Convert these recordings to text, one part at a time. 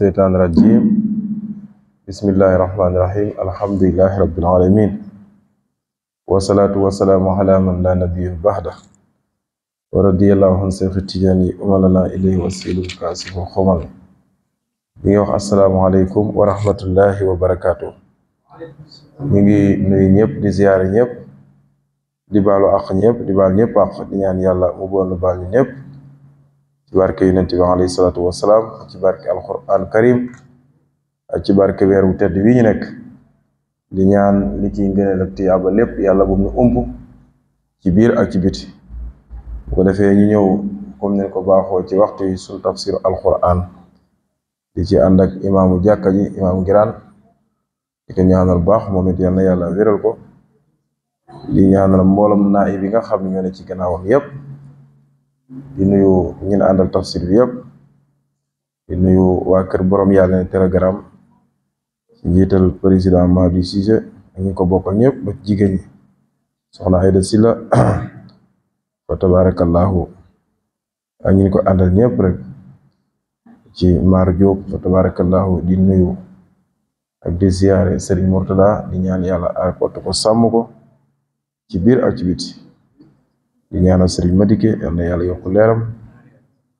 سيدنا الرجيم بسم الله الرحمن الرحيم الحمد لله رب العالمين والصلاة والسلام على من لا نبي بعده ورضي الله عن سيف التجاني أملنا إليه وسيل كاسف الخمر نيوخ السلام عليكم ورحمة الله وبركاته نيجي نيجي نيب دي زيارة نيب دي بالو أخ نيب دي بال نيب أخ دي يعني يلا مبون بال نيب barke yonente bi alayhi salatu wassalam ci barke alquran karim ci barke weru tedd wi ñu nek di ñaan li ci ngëneel ak tiyaaba lepp yalla bu ñu umbu ci bir ak ci biti ko defé ñu ñew comme ne ko baxo ci waxtu yi tafsir alquran di ci ànd ak imaamu Imam ji imaamu di ko ñaanal bax momit yalla yalla wéral ko di ñaanal mbolam naay bi nga xam ñu ne ci gënaawam yépp di nuyu ñi àndal tafsir bi yëpp di nuyu waa kër borom yàlla ne telegram ci njiital président Madi Cissé ak ñu ko bokkal ñëpp ba jigéen ñi soxna Aïda Sylla fa tabarakallahu ak ñu ko àndal ñëpp rek ci Mar Diop fa tabarakallahu di nuyu ak di ziyaare Serigne Mourtada di ñaan yàlla aar ko sàmm ko ci biir ak ci di ñaanal ma Madické yal na yàlla yokk leeram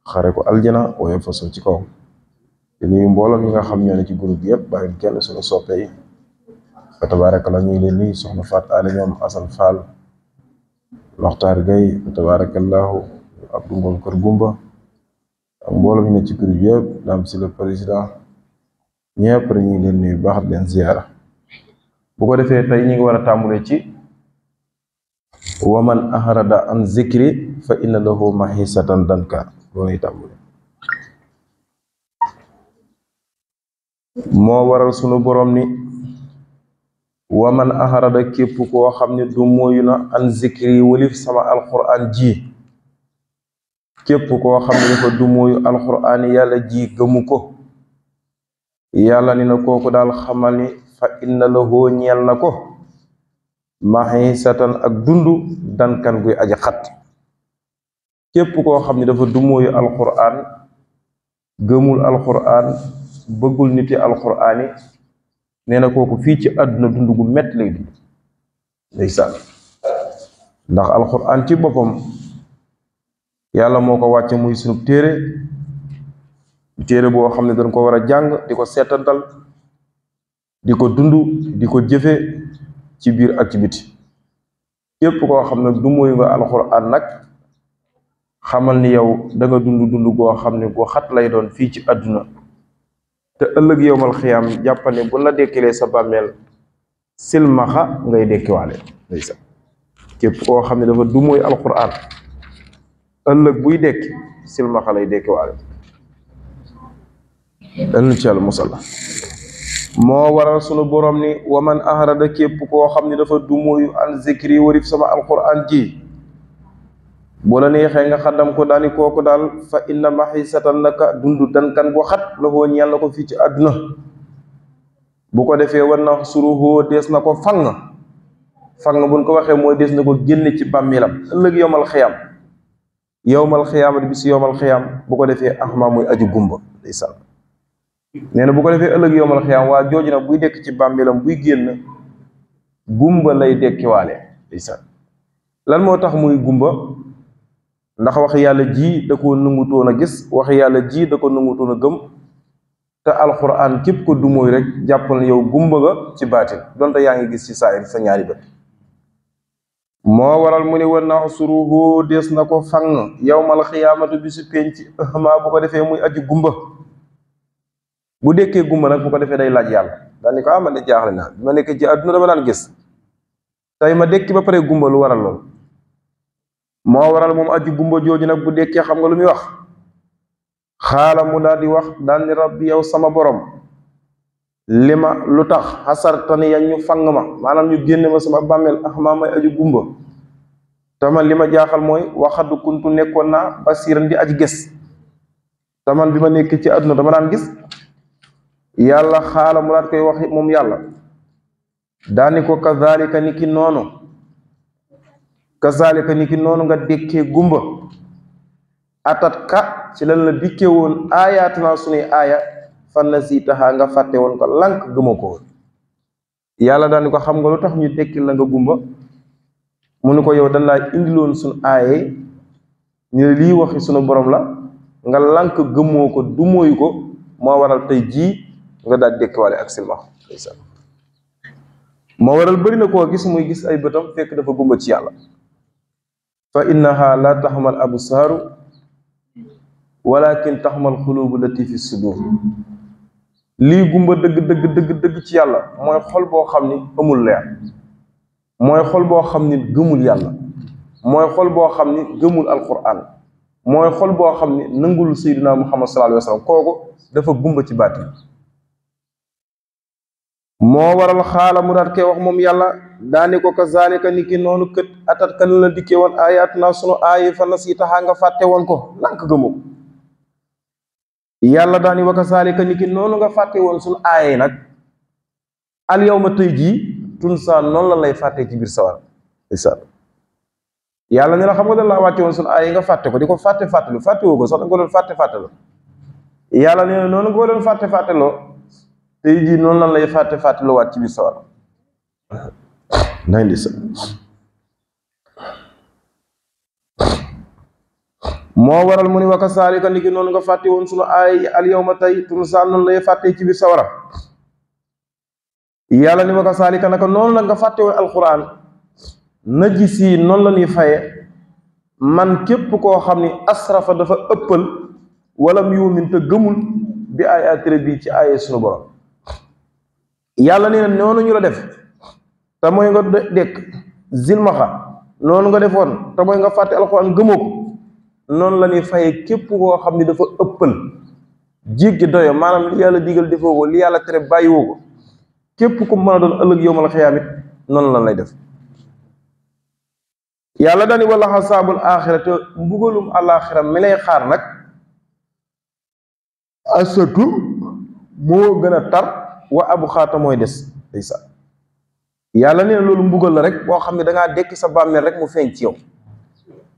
xare ko aljana waaye faso ci kawam di nuyu mbooloo mi nga xam ñoo ne ci groupe yëpp bàyyi kenn suñu soppe yi fa tabaarakalla ñu ngi leen nuyu soxna Faat Aali ñoom Asan Faal Maxtaar Gay fa tabaarakallaahu Abdu Ngom Kër Gumba ak mbooloo mi ne ci groupe yëpp daam si le président ñëpp ñu ngi leen nuyu baax ziyaara bu ko defee tey ñu ngi war ci waman aharada ahrada an zikri fa inna lahu mahisatan danka loolu boleh. moo waral sunu borom ni waman man ahrada képp koo xam du an zikri walif sama alquran ji képp koo xam ne dafa du mooyu alquran yàlla ji gemuko. ko yàlla ni na kooku xamal ni fa inna lahu nyal mahisatan ak dundu dankan guy aja khat kep ko xamni dafa du moy alquran gemul alquran beugul niti alqurani neena koku fi ci aduna dundu gu met lay dund ndeysaan ndax alquran ci bopam yalla moko wacce muy sunu tere tere bo xamni dañ ko wara jang diko di diko dundu di ko ci biir ak ci biti képp koo xam ne du moyu nga alxuraan nag xamal ni yow da nga dund dund goo xam ne goo xat lay doon fii ci àdduna te ëllëg yowmal xiyaam jàppane bu la dekkilee sa bàmmeel silmaxa ngay dekkiwaale ndeysaan képp koo xam ne dafa du mooy alxuraan ëllëg buy dekki silmaxa lay dekkiwaale dal nu ci yàlla musal mo waral sunu borom ni waman ahrada kep ko xamni dafa du moyu an zikri warif sama alquran ji bo la nexe nga xadam ko dani koku dal fa inna maxisatan dundu dan kan go xat la ho ñal ko fii ci aduna bu ko defee war na suruhoo dees na ko fang fang buñ ko waxe moy des na ko génne ci bamilam ëllëg yomal khiyam yomal khiyam bi si yowmal xiyam bu ko defee ahma moy aju gumba nee na bu ko defee ëllëg yowmal xiyaam waa jooju na buy dekk ci bàmmeelam buy génn gumba lay dekkiwaale ndeysaan lan moo tax muy gumba ndax wax yàlla ji da ko nangutoon a gis wax yàlla jii da ko nangutoon a gëm te alxuraan képp ko dumóoy rek jàppal yow gumba nga ci baatin donte yaa ngi gis ci saayir sa ñaari bët moo waral mu ne wan na suruhu dees na ko fang yowmal xiyaamatu bi su penc maa bu ko defee muy aji gumba bu dékkee gumba nak bu ko defé day laaj yalla dal ni ko am ah, na de jaaxle naa bi ci aduna dama dal gis tay ma dékki ba pare gumba lu waral lol mo waral mom aji gumba joji nak bu dékkee xam nga lu mi wax khala mu dal di wax dal ni rabbi yow sama borom lima lutax lu tax ñu fang ma ñu genn ma sama bammel ax ah, may aji gumba taman lima jaxal moy mooy waxadu kuntu basirandi basiran di gis taman bima nek ci aduna dama daan gis yalla xala mu lat koy wax mom yalla daniko ko kazalika niki noonu kazalika niki nono nga dikke gumba atat ka ci lan la dikke won ayatuna sunni aya fan na nga fatte won ko lank gëma yalla daniko xam nga lutax ñu tekki la nga gumba muniko yow dan indi lon sun aya ni li waxi sunu borom la nga lank gëmoo du moy ko mo waral tay ji nga daal di dekkiwaale ak silmax ndeysaan moo waral bëri na koo gis muy gis ay bëtam fekk dafa gumba ci yàlla fa innaha la taxmal absaaru walakin taxmal xuluubu lati fi sudur lii gumba dëgg dëgg dëgg dëgg ci yàlla mooy xol boo xam ni amul leer mooy xol boo xam ni gëmul yàlla mooy xol boo xam ni gëmul alquran mooy xol boo xam ni nangul sayyidina muhammad sallallahu alayhi wa sallam kooku dafa gumba ci baati moo waral xaala mu daat koy wax moom yàlla daani ko kazalika ni ki noonu kët atat kan la dikke woon ayat naa sunu aayi fa nas yi taxaa nga fàtte woon ko lànk gëmu ko yàlla daani wa kazalika ni ki noonu nga fàtte woon sunu aaye nag al yow ma tëy jii tunsa noonu la lay fàtte ci biir sawar isaan yàlla ne la xam nga nga fàtte ko di ko fàtte fàttelu fàttewoo ko sax da nga ko doon fàtte fàttelu yàlla ne noonu nga ko doon fàtte fàtteloo tey jii non lan lay fatte fàtte lo wat ci nay sawar mo waral muni waka salika ni non nga fàtte won sunu ay al yawma tay tun non lay fatte ci biir sawara ni waka salika nak non la nga fàtte al qur'an najis non la ñuy man kep ko xamni asrafa dafa eppal walam yuumin te gemul bi ay atire ci aye sunu borom yalla nee nonu ñu la def ta yang nga dekk zilmaxa noonu nga defoon ta yang nga fatte alquran gëmoko non la ni fayee képp ko xamni dafa ëppal jéggi doyo manam li yalla digal defoko li yalla tere bayiwoko ko képp ku mëna doon ëlëk yowmal khiyamit non la lay def yalla dani wala sabul axira mbugulum al akhirah mi lay xaar nak asatu mo gëna tar wa abu xaata mooy des ndeysaan yàlla nee na loolu mbugal la rek boo xam ne dangaa dekk sa bàmmeel rek mu feeñ ci yow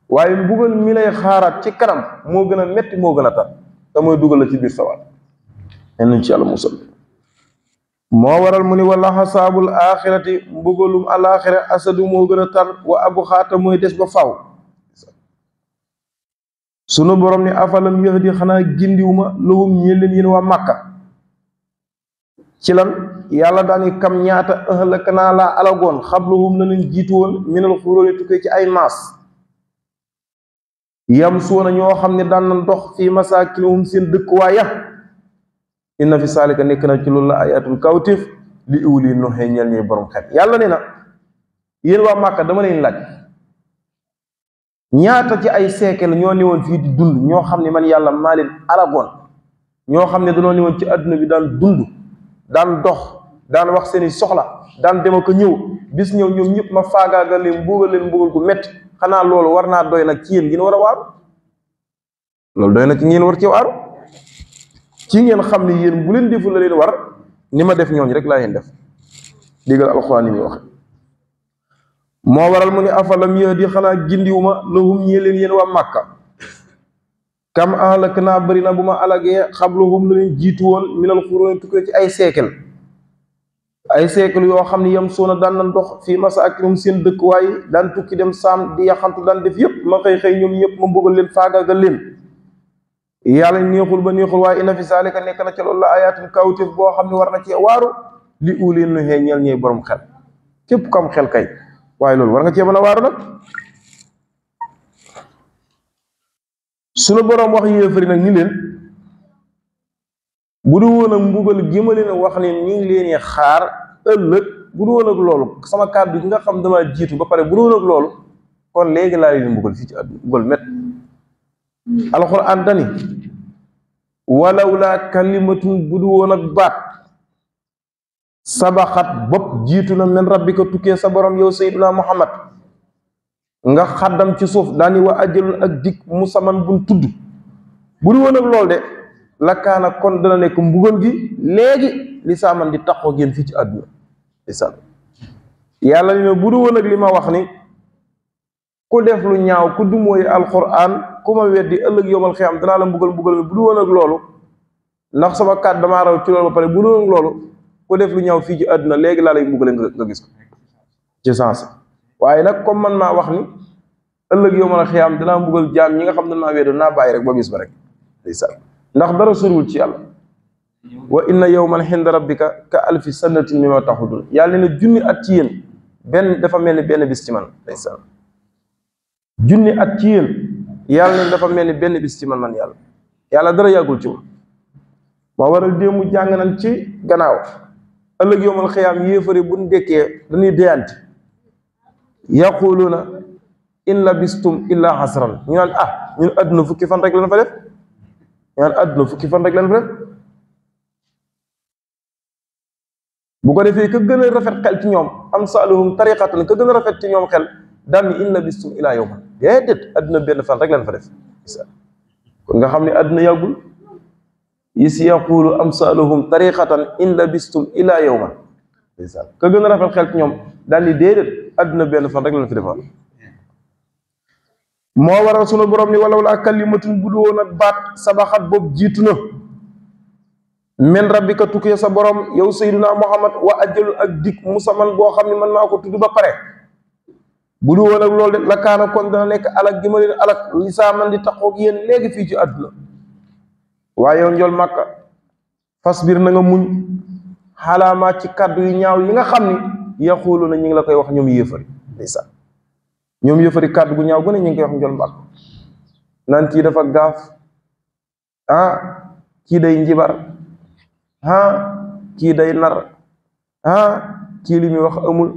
waaye mbugal mi lay xaaraat ci kanam moo gën a metti moo gën a tar damooy mooy dugal la ci biir sawaat nee nañ ci yàlla musal moo waral mu ni wala xasaabul axirati mbugalum alaxira asadu moo gën a tar wa abu xaata mooy des ba faw sunu borom ni afalam yahdi xanaa gindiwuma lahum ñi leen yéen waa màkka ci lan yàlla daani kam ñaata ëhlëk naa laa alagoon xablahum la nañ jiitu woon minal xuróoni tukkee ci ay maas yam na ñoo xam ne daan nañ dox fii masaakinihum seen dëkkuwaay ya inna fi saalika nekk na ci loolu la ay atul kawtif li iwli noxee ñel borom xel yàlla ne na yéen waa Màkka dama leen laaj ñaata ci ay seekal ñoo ne woon fii di dund ñoo xam ne man yàlla maa leen alagoon ñoo xam ne dañoo ne woon ci àdduna bi daan dund Dan dox dan wax seni soxla dan dem ko ñew bis ñew ñom ñep ma faagaagal leen mbugal leen mbugal gu met xana lool warna naa doy nag ci yéen ngeen war lool waaru doy na ci ngeen war ci waaru ci ngeen xamni yeen bu leen deful la leen war ni def ñooñu rek la yeen def digal alquran ni wax mo waral mu ni afalam yahdi khala gindiwuma lahum ñee yeen wa makkah kam ahlak naa bëri na bu ma alagee xabluhum lu leen jiitu woon minal xuróoni tukkee ci ay seekal ay seekal yoo xam ne yam na daan nan dox fii masaakinum seen dëkkuwaay daan tukki dem saam di yaxantu daan def yëpp ma xëy xëy ñoom ñëpp ma mbugal leen faagaagal leen yàlla neexul ba neexul waaye inna fi saalika nekk na ca loolu la ayaatin kawtéef boo xam ne war na cee waaru li uuleen nu xee ñeel ñey borom xel képp ku a waaru nag sunu boroom wax yéefari nag ni leen bu du woon ak mbugal gi ma leen wax ne ñu ngi leen xaar ëllëg bu du woon ak loolu sama kàddu gi nga xam dama jiitu ba pare bu du woon ak loolu kon léegi laa leen mbugal fii ci àdduna mbugal met alxuraan dani walaw laa kalimatun bu du woon ak baat sabaxat bopp jiitu na men rabbika tukkee sa borom yow sayyiduna muhammad nga xadam ci suuf dani wa ajalun ak dik musaman bun tuddu buri won ak lol de la kana kon dana nek mbugal gi legi li saman di taxoo gen fi ci aduna isal yalla ne buri won ak lima wax ni ku def lu ñaaw ku moy alquran kuma weddi ëllëg yomal xiyam dana la mbugal mbugal buri won ak ndax sama kat dama raw ci ba pare buri won ak ku def lu ñaaw fi ci aduna legi la lay mbugal nga gis ko ci waaye nag comme man maa wax ni ëllëg yow mën a xiyaam dinaa mbugal jaam ñi nga xam ne maa weedu naa bàyyi rek ba bis ba rek ndeysaan ndax dara soriwul ci yàlla wa inna yawman inda rabbika ka alfi sanatin mimma taxudun yàlla ne junni at ci yéen benn dafa mel ni benn bis ci man ndeysaan junni at ci yéen yàlla ne dafa mel ni benn bis ci man man yàlla yàlla dara yàggul ci ma maa waral déemu jàng nañ ci gannaaw ëllëg yow mën a xiyaam yéefari bu ñu dekkee dañuy deyante yaquluna in labistum illa xasran ñu naan ah ñun adduna fukki fan rek lañ fa def ñu naan adduna fukki fan rek lañ fa def bu ko defee ka gën a rafet xel ci ñoom am saaluhum tariqatan ka gën a rafet ci ñoom xel daan ni in labistum illa yowma déedéet adduna benn fan rek lañ fa def kon nga xam ne adduna yàggul is yaqulu am saaluhum tariqatan in labistum illa yowma ka gën a rafet xel ci ñoom dal li dedet aduna ben fan rek la fi defal mo waral sunu borom ni wala wala kalimatun bu doon ak bat sabahat bob jituna min rabbika tukkee sa borom yow sayyidina muhammad wa ajalul ak dik musaman boo xam ne mën naa ba pare budu du ak la kana kon dana nek alak gi ma alak lisa man di taxoog yeen legi fi ci aduna wa yow ndol makka fasbir na nga muñ halama ci kaddu yi nga xamni yaquluna ñing la koy wax ñom yeufari ndeysaan ñom yeufari kaddu gu ñaw gu ne ñing koy wax ñol mbàkk nan kii dafa gaf ah ki day njibar ah ki day nar ah ki limi wax amul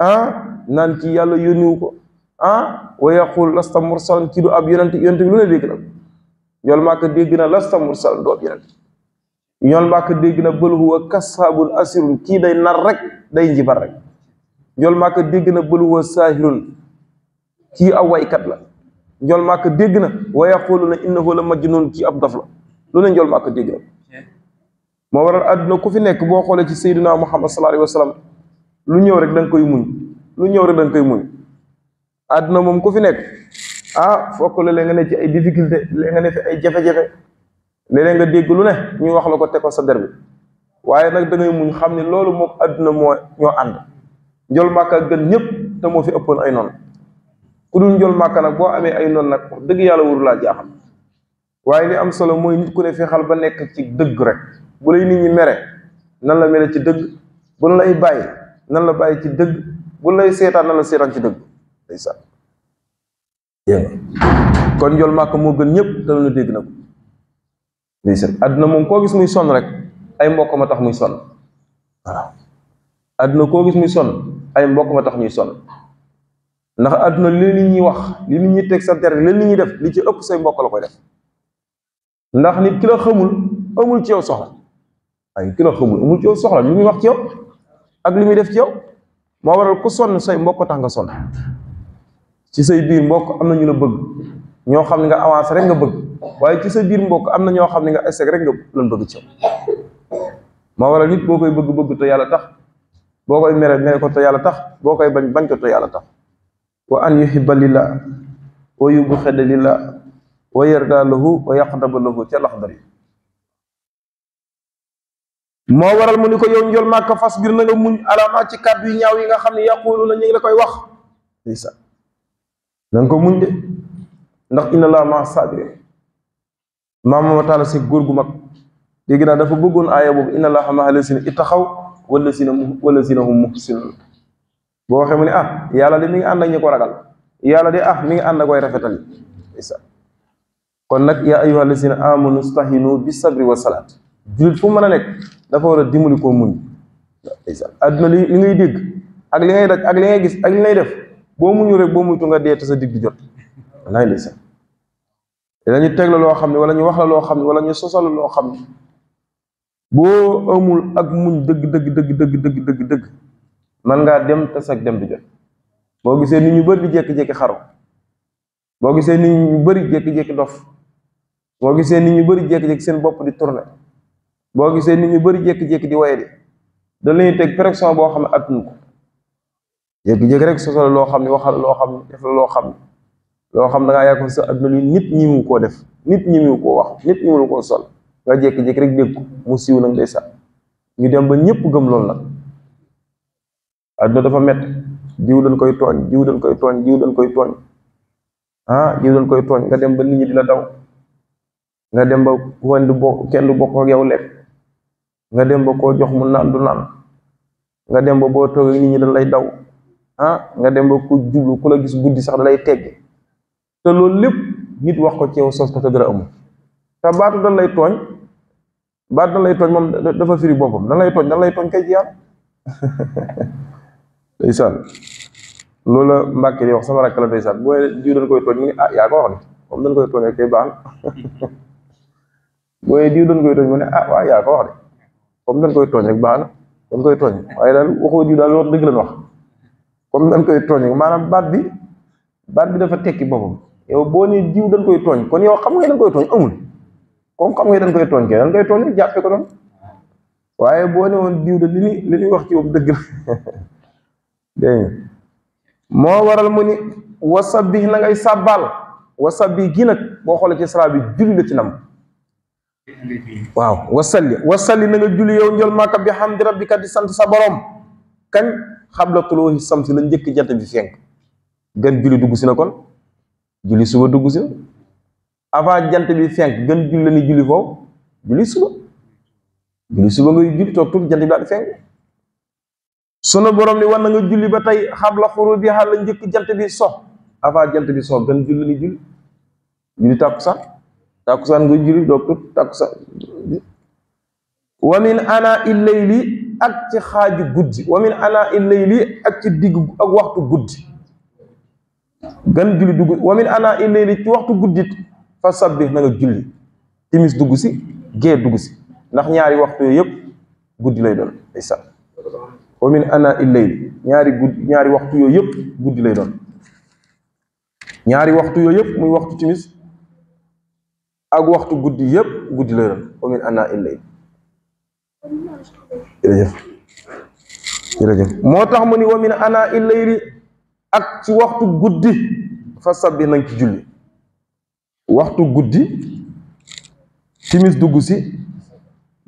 ah nan kii yalla yónniwu ko ah wa yaqul lasta mursalan ki du ab yonent yonent lu ne deg na ñol deg na lasta mursalan do yonent ñol màkk deg na bal huwa asirun ki day nar rek day njibar rek njool maaka dégg na bul huwa saahirun kii ab waykat la njool maaka dégg na na yaquluna innahu la majnun ci ab dof la lu ne njool maaka dégg na moo waral àdduna ku fi nekk boo xoolee ci sayyidina muhammad sallallahu alayhi wa sallam lu ñëw rek da koy muñ lu ñëw rek da nga koy àdduna moom ku fi nekk ah fokk la nga ne ci ay difficulté la nga ne ci ay jafe-jafe léeg nga dégg lu ne ñu wax la ko te ko sa der waaye nag da ngay muñ xam ne loolu moom àdduna moo ñoo ànd njol màkka gën ñep te mo fi ëppal ay non ku dul njol màkka nak bo amé ay non nak dëgg yalla wuru la jaxam waye li am solo moy nit ku ne xal ba nek ci dëgg rek bu lay nit ñi mere nan la mere ci dëgg bu lay bay nan la bay ci dëgg bu lay sétan nan la sétan ci dëgg day kon njol màkka mo gën ñep da la dégg nak ko day sax ko gis muy son rek ay mbokk ma tax muy son waaw àdduna koo gis muy son ay mbokk ma tax ñuy son ndax aduna li nit ñi wax li nit ñi tek sa ter li nit ñi def li ci ëpp say mbokk la koy def ndax nit ki la xamul amul ci yow soxla ay ki la xamul amul ci yow soxla li muy wax ci yow ak li muy def ci yow mo waral ku son say mbokk ta nga son ci say biir mbokk amna ñu la bëgg ño xamni nga avance rek nga bëgg waye ci sa biir mbokk amna ño xamni nga essek rek nga lañ bëgg ci yow mo waral nit bokay bëgg-bëgg to yalla tax bokoy mere mere ko to yalla tax bokoy bañ bañ ko to yalla tax wa an yuhibba wa yubkhadilla wa yardaluhu wa yaqdabuhu ci ca dari ya. waral muniko ko yow njol makka fas bir na nga muñ alama ci kaddu yu ñaaw yi nga xamni ne yaqulu na ngi la koy wax isa nang ko muñ de ndax inna la ma taala si góor gu mag dafa bëggoon aaya inna la itakhaw wala si na wala si na hum boo waxee mu ne ah yàlla de mi ngi ànd ak ñi ko ragal yàlla de ah mi ngi ànd ak koy rafetal kon nag yaa ayyuha allazina amanu stahinu bi sabri wa salaat jullit fu mën a nekk dafa war a dimbali koo muñ adduna li li ngay dégg ak li ngay daj ak li ngay gis ak li ngay def boo muñu rek boo muytu nga dee te sa digg du jot walaay ndeysaan dañu teg la loo xam ne wala ñu wax la loo xam ne wala ñu sosal loo xam ne bo amul ak muñ deug deug deug deug deug deug deug man nga dem te sag dem du jot bo gisee nit ñu bari di jek jékki xaru boo gisee nit ñu bari jek jek dof bo gisee nit ñu bari jek jek seen bop di tourner bo gisee nit ñu bari jek jek di waye di da lay tek pression bo xam ak attun ko jek rek so loo xam ne waxal lo xamni def lo xamni lo ne xam da nga yakku sa aduna nit ñi mu ko def nit ñi mu ko wax nit ñi mu ko sol nga jek jek rek dégg mu siiw nak ndeysa ñu dem ba ñepp gëm lool nak àdduna dafa met diiw dañ koy togn diiw dañ koy togn diiw dañ koy togn ha ah, diiw dañ koy togn nga dem ba nit ñi dila daw nga dem ba wan du bokk kenn du bokk ak yow lek nga dem ba ko jox mu naan du naan nga dem ba bo toog nit ñi dañ lay daw ha ah, nga dem ba ku jublu ku la gis guddi sax da lay tegg te lool lepp nit wax ko ci yow sos ko te dara amul te baatu dan lay tooñ baatu dan lay tooñ moom dafa firi boppam dan lay tooñ dan lay tooñ kay ci yàlla ndeysaan loolu la Mbàkke di wax sama rakk la ndeysaan boo diw dañ ah, dañ koy tooñee kay baax na booy diw dañ koy tooñ mu ne ah waaw yaa ko wax de comme dañ koy tooñ rek baax na dañ koy tooñ waaye daal waxoo diw daal loolu dëgg lañ wax comme dañ koy tooñ maanaam baat bi baat bi dafa tekki boppam yow boo ne diw dañ koy tooñ kon yow xam nga dañ tooñ amul kom kom ngay dañ koy tonké dañ koy tooñ jappé ko noonu waaye bo né won diiw de li ni li ñuy wax ci moom deug dé mo waral muni ni wasabbih ngay sabbal wasabi gi nak bo xol ci sala bi julli la ci nam waaw wasalli wasalli na nga julli yow ya ñol maaka bi hamdi rabbika di sant sa borom kañ khablatul wahi samsi la ñeek jant bi fenk gën julli dugg ci na kon julli suba dugg ci avant jant bi fenk gën julli ni julli foofu julli suba julli suba ngay julli toog tuuti jant bi daal di fenk sunu borom ni war na nga julli ba tey xam la xuru bi xaal la njëkk jant bi so avant jant bi so gën julli ni sax julli tàkkusaan tàkkusaan nga julli doog tuuti tàkkusaan wa min ana illayli ak ci xaaj guddi wa min ana illayli ak ci digg ak waxtu guddi gën julli dugg wa min ana illayli ci waxtu guddit fa sabbih na nga julli timis dugg si gee dugg si ndax ñaari waxtu yooyu yëpp guddi lay doon ay sa wa min ana illayl ñaari guddi ñaari waxtu yooyu yëpp guddi lay doon ñaari waxtu yooyu yëpp muy waxtu timis ak waxtu guddi yëpp guddi lay doon wa ana illayl jërëjëf moo tax mu ni wa min ana illayli ak ci waxtu guddi fa sabbi nanga ci julli waxtu guddi timis dugg si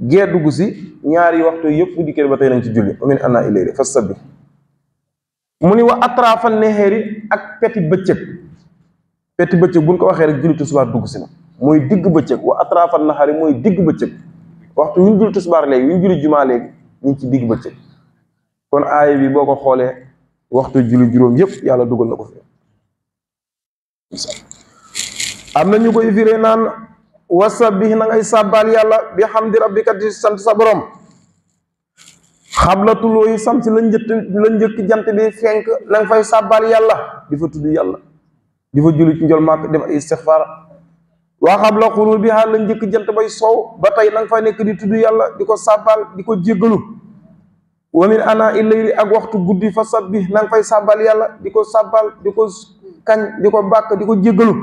gee dugg si ñaari waxtu yëpp bu dikkee ba tey nañ ci julli amin anna ilayhi fasabbi mu ni wax atrafan neheri ak peti bëccëg peti bëccëg buñ ko waxee rek julli tisbaar dugg si na mooy digg bëccëg wa atrafan nahari mooy digg bëccëg waxtu wi ñu julli tisbaar léegi wi ñu julli jumaa léegi ñu ngi ci digg bëccëg kon aay bi boo ko xoolee waxtu julli juróom yëpp yàlla dugal na ko fi amna juga ñu koy viré nan wasabih na ngay sabbal yalla bi hamdi rabbika di sant sa borom xabla loy sam si la njëtt la jant bi fenk na fay sabbal yalla di fa tuddu yalla di fa julli ci ndol mak dem ay istixfaar waa xabla xuru bi xaal la jant bay soow ba tay fay nek di tuddu yalla di sabbal diko di wa min ana illayli ak waxtu guddi fa sabbih na fay sabbal yalla di sabbal diko di diko bak di jéggelu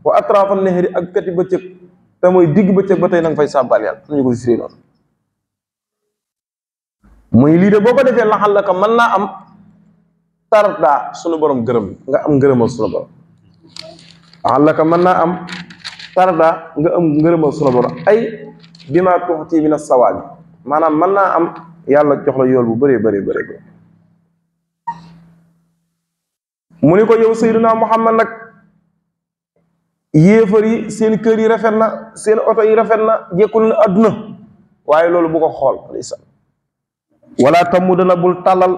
wa atraafan nahri ak kati bëccëg te mooy digg bëccëg ba tey na nga fay sàbbaal yàlla am ñu ko firee noonu muy lii de boo ko defee laxal la man naa am tarda sunu borom gërëm nga am ngërëmal sunu borom laxal mën naa am tarda nga am ngërëmal sunu ay bi maa tuxti min as-sawaabi maanaam mën naa am yàlla jox la yool bu bëree bëree bëree mu ni ko yow Seydina Muhammad nag yéefar yi seen kër yi rafet na seen oto yi rafet na jekkul na àdduna waaye loolu bu ko xool ndeysaan wala dana bul tàllal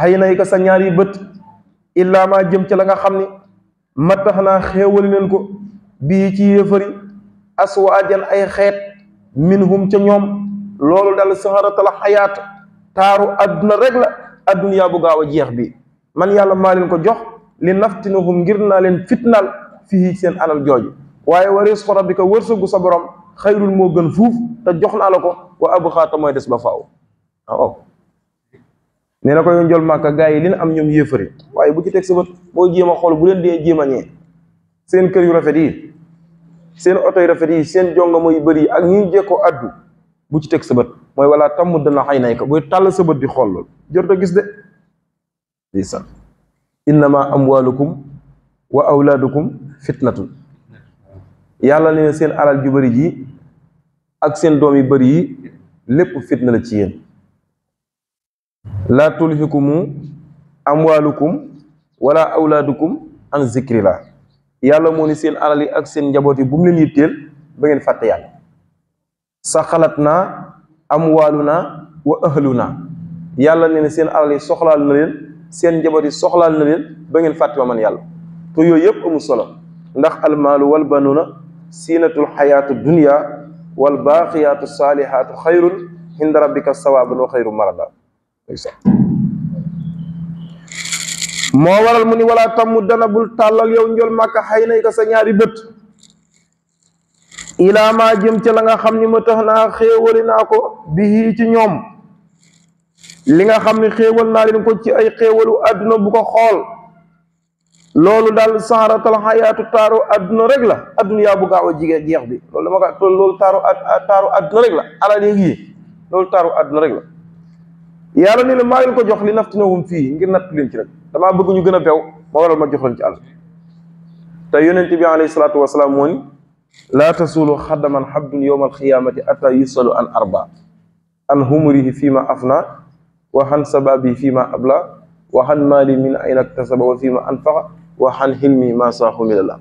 xëy na yi ko sa ñaari bët illaa maa jëm ca la nga xam ni mattax naa xéewali leen ko bii ci yéefar yi aswaajan ay xeet minhum ca ñoom loolu dal saxaratal xayaat taaru àdduna rek la adduniyaa bu gaaw a jeex bi man yàlla maa leen ko jox li naftinahum ngir naa leen fitnaal fii seen alal jooju waaye wa risqu rabbika wërsëgu sa borom xayrul moo gën fuuf te jox naa la ko wa abqaa te mooy des ba faw waaw nee na ko yoon jol gaa yi li na am ñoom yéefari waaye bu ci teg sa bët boo jéem xool bu leen dee jéem a seen kër yu rafet yi seen oto rafet yi seen jongama yu bëri ak ñu jekkoo addu bu ci teg sa bët mooy wala tàmm dana xay nay ko booy tàll sa bët di xool loolu jot a gis de. innamaa amwaalukum wa awlaadukum fitnatun yàlla ne seen alal ju bari ji ak seen doom yu bari yi lépp fitna la ci yéen laa tulhikumu amwaalukum wala awlaadukum an zikrillah yàlla moo ni seen alal yi ak seen njaboot yi bu mu leen yitteel ba ngeen fàtte yàlla sa xalaat na amwaalu naa wa ahlu na yàlla ne seen alal yi soxlaal na leen seen njaboot yi soxlaal na leen ba ngeen fàtte ma man yàlla te yooyu yëpp amul solo ndax almaalu wal banuna sinatul xayaatu dunya wal baaqiyaatu saalihaatu xayrun inda rabbika sawaaban wa xayru marada moo waral mu ni wala tammu dana bul tàllal yow njol màkka xay nay ko sa ñaari bët ilaa maa jëm ca la nga xam ni ma tax ko bi ci ñoom li nga xam ni xéewal naa ko ci ay xéewalu àdduna bu ko xool loolu daal saaratal xayaatu taaru adduna rek la adduniyaa bu gaaw a jigéen jeex bi loolu dama ko loolu taaru taaru adduna rek la alal yéeg yi loolu taaru adduna rek la yàlla ni la maa ngi ko jox li naftinahum fii ngir natt leen ci rek damaa bëgg ñu gën a bew ma waral ma jox leen ci àll te yonent bi alayhi salaatu wasalaam moo ni laa tasulu xadaman xabdun yowma alxiyaamati ata yusalu an arba an humurihi fii ma afna wa an sababi fii ma abla wa an maali min wa han hilmi ma sahu min allah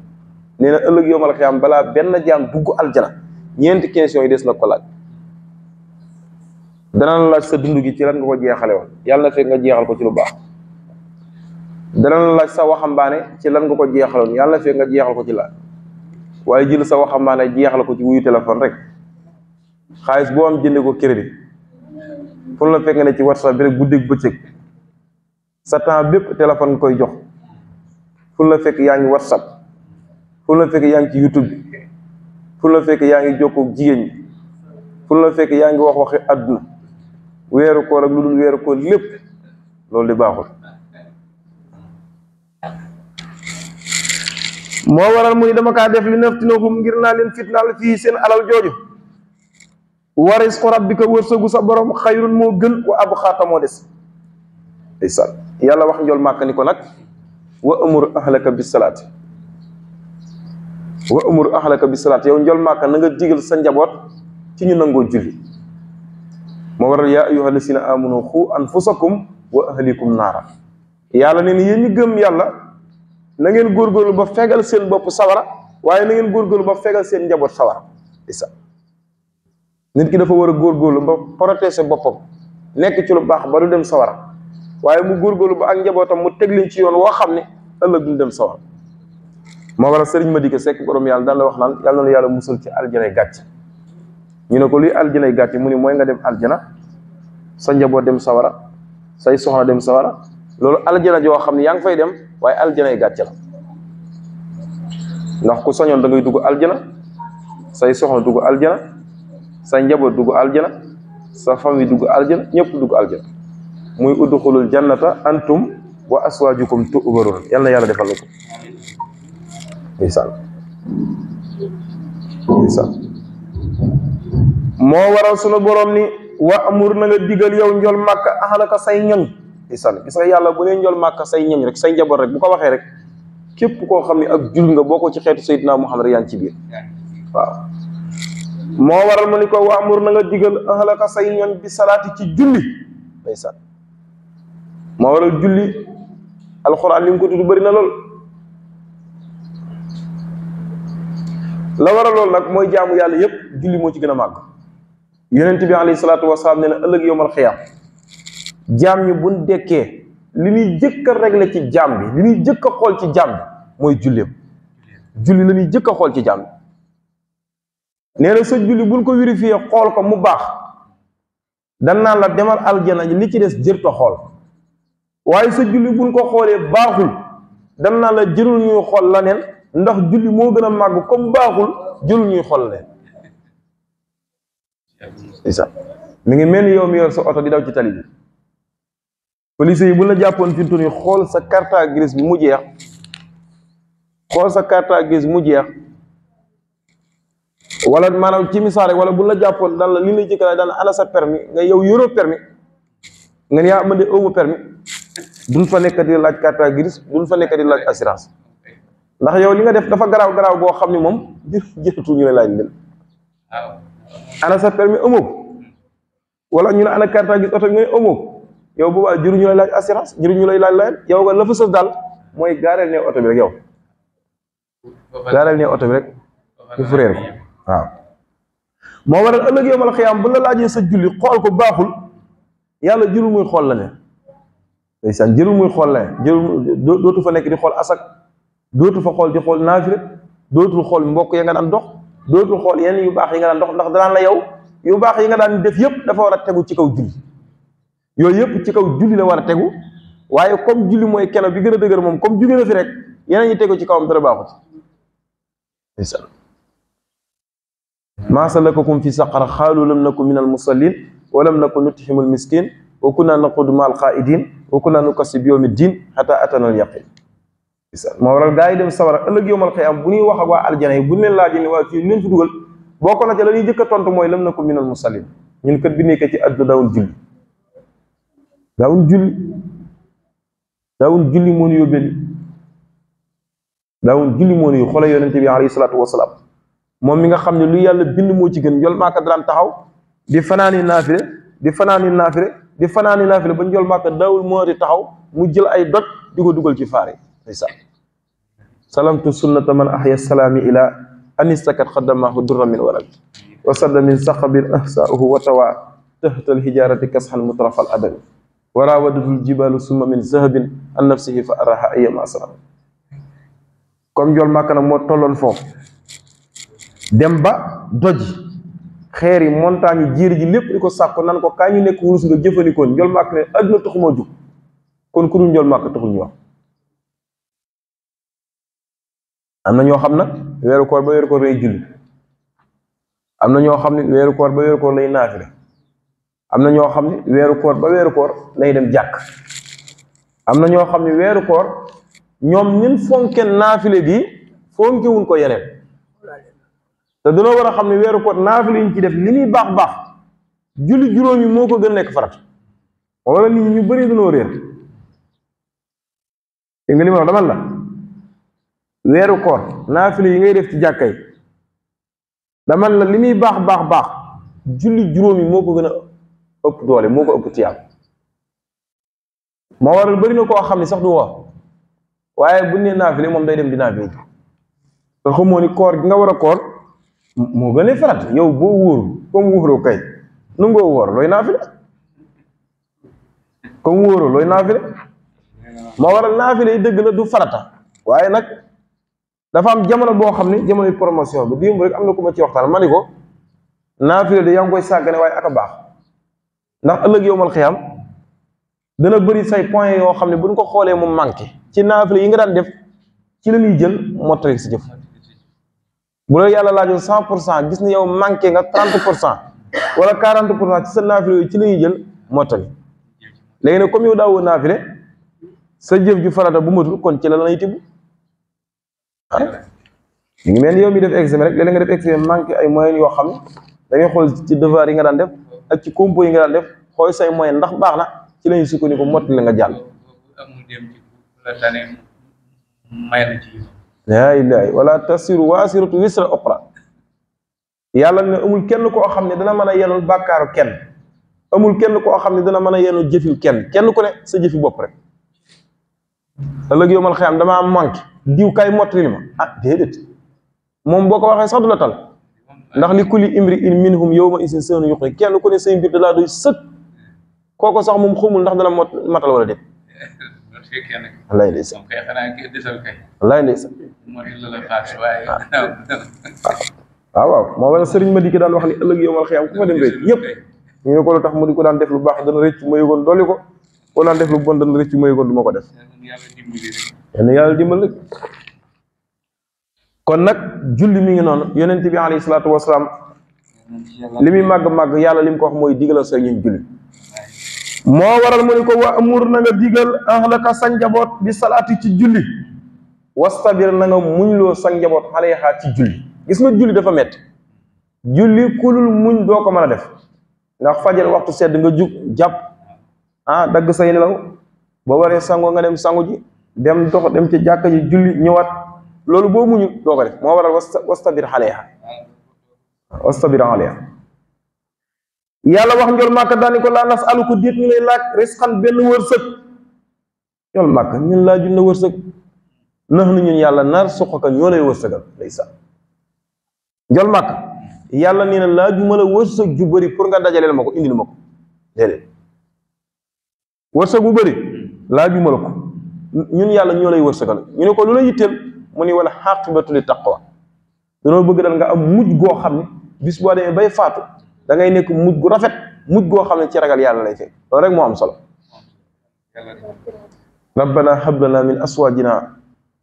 neena na ëllëg yowmal xiyaam balaa benn bugu aljana ñent question yi des na ko laaj danañ laaj sa dundu gi ci lan nga ko jeexale won yalla na fekk nga jeexal ko ci lu baax danañ laaj sa waxambaane ci lan nga ko jeexaloon yalla na nga jeexal ko ci la way jël sa waxambaane ko ci wuyu téléphone rek xaliss bo am jëndé ko crédit fu la fekk nga ne ci whatsapp bi rek guddeeg bëccëg sa temps bëpp téléphone koy jox fu la fekk yaa ngi whatsapp fu la fekk yaa ngi ci youtube bi la fekk yaa ngi jokkoo jigéen ñi fu la fekk yaa ngi wax waxi àdduna weeru koor ak lu dul weeru koor lépp loolu di baaxul moo waral mu ni dama kaa def li naftinahum ngir naa leen fitnaal fii seen alal jooju wa risqu rabbika wërsëgu sa borom xayrun moo gën wa abxaata moo des yàlla wax njool màkk ni ko nag wa umur ahlaka bis salat, wa umur ahlaka bis salat. yow njol maka na nga digal sa njabot ci ñu nango julli mo waral ya ayuha amanu khu anfusakum wa ahlikum nara. ya nee na yéen ñi gëm gurgul na ngeen góorgóorlu ba fegal seen bop sawara waye na ngeen ba fegal seen njabot sawara isa nit ki dafa war a ba protéger bopam nek ci lu bax ba du dem sawara waye mu góorgóorlu ba ak njabotam mu tegg liñ ci yoon wo xamne ëlëk duñ dem sawar mo waral sëriñ ma diké sék borom yalla dal la wax naan yalla na yalla musul ci aljana gàcc ñu ne ko luy aljana gàcc mu ni moy nga dem aljana sa njabo dem sawara say soxna dem sawara lolu aljana jo xamni yang fay dem waye aljana gàcc la ndax ku soñon da ngay dugg aljana say soxna dugg aljana say njabo dugg aljana sa fami dugg aljana ñepp dugg aljana muy udkhulul jannata antum wa aswajukum tu'barun yalla yalla defal lako misal misal mo waral sunu borom ni wa amur na nga digal yow njol makka ahlaka say ñoñ misal gis nga yalla bu ne njol makka say ñoñ rek say njaboot rek bu ko waxe rek kep ko xamni ak jul nga boko ci xetu sayidina muhammad yaa ci biir waaw mo waral mo ni ko wa amur na nga digal ahlaka say ñoñ bi salati ci julli misal mo wala julli alquran lim ko tuddu bari na lol la wara lol nak moy jaamu yalla yépp julli mo ci gëna mag màgg yonent bi alayhi salatu wasalaam ne na ëllëg yowmal xiyaam jaam ñu buñ dekkee li ñuy jëkk régler ci jaam bi li ñuy jëkk xol ci jaam moy julli julli la xol ci jaam neena julli buñ ko vérifier xol ko mu bax dan na la demal aljana li ci dess jër xol waaye sa julli buñ ko xoolee baaxul dem naa la jërul ñuy xool la neen ndax julli moo gën a màgg comme baaxul jërul ñuy xool leen isa mu ngi mel ni yow mi yor sa oto di daw ci tali bi police yi bu la jàppoon fi mu xool sa carte gris bi mu jeex xool sa carte grise mu jeex wala maanaam ci misaare wala bu la jàppoon daan la li lay jëkk daan ana sa permi nga yow yoroo permis nga ne yaa ah, am de amu permis duñ fa nekk di laaj carte grise duñ fa nekk di laaj assurance ndax yow li nga def dafa garaaw garaaw boo xam ne moom jë jëfatu ñu la laaj leen ana sa permis amoo ko wala ñu ne ana carte grise oto bi yow boobaa juru ñu assurance juru ñu lay laaj layal yow nga la fa sës daal mooy gaareel ne oto bi rek yow gaareel ne oto bi rek ñu furee ko waaw moo waral ëllëg yow mal bu la laajee sa julli xool ko baaxul yàlla juru muy xool la ne ndeysaan jërul muy xool leneen jërul dootu fa nekk di xool asak dootu fa xool di xool naafire dootul xool mbokk ya nga daan dox dootul xool yenn yu baax yi nga daan dox ndax danaan la yow yu baax yi nga daan def yépp dafa war a tegu ci kaw julli yooyu yépp ci kaw julli la war a tegu waaye comme julli mooy keno bi gën a dëgër moom comme jóge na fi rek yeneen ñi tegu ci kawam dara baaxut ndeysaan maa salakakum fi saqar xaalu lam naku min al musallin wa lam naku nutximul miskin وكنا نقود مع القائدين وكنا نكسب يوم الدين حتى أتانا اليقين moo waral gaa yi dem sawara ëllëg yowmal xiyaam bu ñuy wax ak waa aljana yi bu ñu leen laajee ne waa kii ñun fi dugal bokk na ca la ñuy jëkk a tontu mooy lam na ko minal musallin ñun kat bi nekk ci àdduna daawun julli daawun julli daawun julli moo ñu yóbbee daawun julli moo ñu xoolal yonente bi alayhi salaatu wasalaam moom mi nga xam ne lu yàlla bind moo ci gën jol maaka daan taxaw di fanaani naafire di fanaani naafire di fanaani naafila ba njool màkk daawul moo di taxaw mu jël ay doj di ko dugal ci faar salamtu sunnata man ahya salaami ila anistakat xaddamaahu durra min warak wa sadda min saqabin ahsaahu wa tawaa tahtal hijaarati kasxan mutrafal adami wa raawadatul jibaalu summa min zahabin an nafsihi fa araha ayyama asra comme njool màkk nag moo tolloon foofu dem ba doji xeer yi montagne yi jiir ji lépp di ko sàkko nan ko kaay ñu nekk wurus nga jëfandikoon njol màkk ne adduna taxumaa jug kon ku dul njol màkk taxul ñu wax am na ñoo xam nag weeru koor ba am na ñoo xam ne weeru koor ba weeru koor lay naafile am na ñoo xam ne weeru koor ba weeru koor lay dem jàkk am na ñoo xam ne weeru koor ñoom ñun fonke naafile bi fonkewuñ ko yeneen te danoo war a xam ne weeru koor naafila yi ñu ci def li muy baax baax julli juróom yi moo ko gën nekk farat wala nit ñu bëri danoo réer dégg nga li weeru koor naafila yi ngay def ci jàkka yi dama li muy baax baax baax julli juróom yi moo ko gën a ëpp doole moo ko ëpp tiyaab moo waral bari na koo xam ne sax du wax waaye bu ne naafila moom day dem di naafila te xamoo ni koor gi nga war a koor moo gën a farata yow boo wóorul comme wóoroo kay nu ngoo wóor looy naafile comme wóoroo looy naafile moo waral naafile yi dëgg la du farata waaye nag dafa am jamono boo xam ne jamono promotion bi am na ku ma ci waxtaan ma ni ko naafile de yaa ngi koy sàggane waaye ak a baax ndax ëllëg yow mal xiyam dana bëri say point yoo xam ne buñ ko xoolee mu manqué ci naafile yi nga daan def ci la ñuy jël mottali si jëf bu la yàlla laajoon cent pour cent gis ni yow manqué nga trente pour cent wala quarante pour cent ci sa naafile yooyu ci la ñuy jël mottali léegi nag comme yow daawoo naafile sa jëf ju farata bu matul kon ci la lay tibb ñu ah. ngi mel yow mi def examen rek léeg nga def examen manqué ay moyens yoo xam ne da xool ci devoir yi nga daan def ak ci compo yi nga daan def xooy say moyen ndax baax na ci la ñuy sukkandiku mottali nga jàll. لا إله ولا تسير واسرة وسر أخرى يلا ن أمول كن كو أخم ندنا منا يلا البكار كن أمول كن كو أخم ندنا منا يلا جيفي كن كن كون سجيفي بكرة الله يوم الخيام دم أم مانك ديو كاي موتريما ديدت مم بكو أخي صدلا تل نحن كل إمري إن منهم يوم إنسان يخرج كن كون سين بيت لا دوي سك كو كو سام مم خمول نحن دنا مات مات الولد الله يديس الله يديس Mouridou la fàcce waaye. waaw ma di ki wax ni ëllëg yow wala ku fa dem rëcc yëpp. ñu ko lu tax mu di daan def lu baax dana rëcc ma yëgoon dolli ko daan def lu bon dana rëcc ma yëgoon du ko def. yàlla yàlla dimbal kon nag julli mi ngi bi alayhi ko wax sa julli. waral mu ko wa amur na nga digal ahlaka sa njaboot bi salaati ci julli wastabir na nga muñloo sa njabot alayha ci julli gis nga julli dafa met julli kulul muñ do ko mën def ndax fajar waxtu sedd nga juk japp ah sa yene law bo waré sango nga dem sangu ji dem dox dem ci jakka ji julli ñewat lolu bo muñu do ko def mo waral wastabir alayha wastabir alayha yalla wax njol màkk daniko la nas alu ko ñu lay laaj risqan ben wërseuk njol màkk ñun na wërseuk nax na ñun yàlla naar suqaka ñoo lay wërsëgal ndeysaan jol màkk yàlla nee na laajuma la wërsëg ju bari pour nga dajaleel ma ko indil ma ko déedéet wërsëg bu bëri laajuma la ko ñun yàlla ñoo lay wërsëgal ñu ne ko lu la yitteel mu ni wala xaqibatu li taqwa danoo bëgg dal nga am mujj goo xam ne bis boo demee bay faatu dangay nekk mujj gu rafet mujj goo xam ne ci ragal yàlla lay fekk loolu rek moo am solo rabbana hab lana min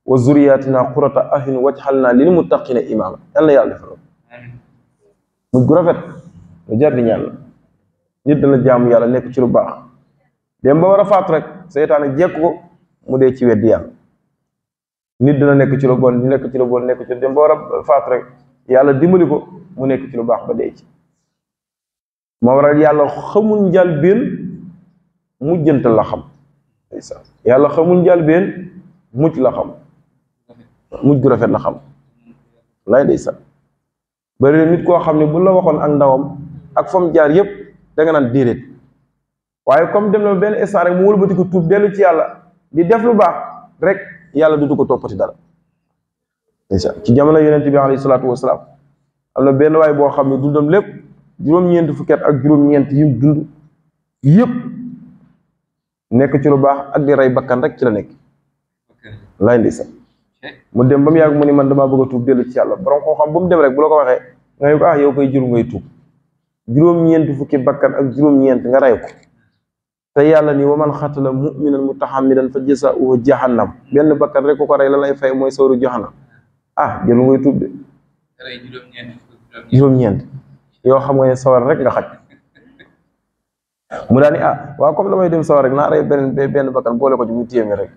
wa zuriyaatina qurata ahyun waj'alna lil muttaqina imaama yal na yàlla defal mujj gu rafet lu jar di nit dana jaamu yàlla nekk ci lu baax dem ba war a faatu rek seytaane jekk ko mu dee ci weddi yàlla nit dana nekk ci lu bon nekk ci lu bon nekk ci dem ba war a faatu rek yàlla dimbali ko mu nekk ci lu baax ba dee ci moo waral yàlla xamul njëlbéen mujjantal la xam yàlla xamul njëlbéen mujj la xam mujj gu rafet la xam lay day bari na nit ko xamni bu la waxon ak ndawam ak fam jaar yeb da nga nan déedéet waye comme dem na ben instant rek mu wëlbati ko tup delu ci yalla di def lu bax rek yàlla dutu ko topati dara ci jamono yonent bi alayhi salatu wassalam amna ben way bo xamni xam ne dundam lépp juróom-ñeent fukki ak juroom ñent yu dund yeb nek ci lu bax ak di ray bakkan rek ci la nek lay ndi sax mu dem ba mu yàgg mu man damaa bëgg a tuub dellu ci yàlla borom mu dem rek la ko waxee nga ne ko ah yow koy jur ngay tuub fukki bakkan ak juróom-ñeent nga rey ko te yàlla ni wa man xatala muminan mutaxamidan fa jasaauhu jahannam benn bakkan rek ku ko rey la lay fay mooy sawru jahannam ah dellu ngay tuub de xam nga ne sawar rek nga xaj mu daal ni ah waaw comme damay dem sawar rek naa benn benn bakkan boole ko ci rek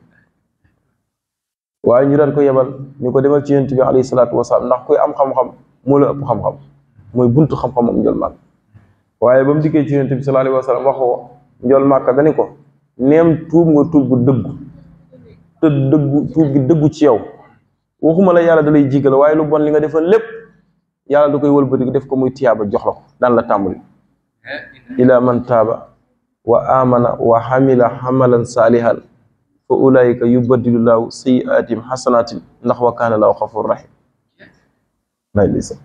waaye ñu daan ko yebal ñu ko demal ci yonent bi alayhi salaatu wasalaam ndax kuy am xam-xam moo la ëpp xam-xam mooy buntu xam-xam moom njol màkk waaye ba mu dikkee ci yonent bi sallallahu alayhi wasalaam wax ko njol màkk dani ko neem tuub nga tuub gu dëggu te dëggu gi dëggu ci yow waxuma la yàlla da lay jigal waaye lu bon li nga defoon lépp yàlla da koy wëlbati def ko muy tiyaaba jox la ko daan la tàmbali ila man taaba wa amana wa xamila xamalan saalihan fa ulaayika yubaddilu laahu si'atim hasanatin ndax wa kana laahu khafur rahim lay lisa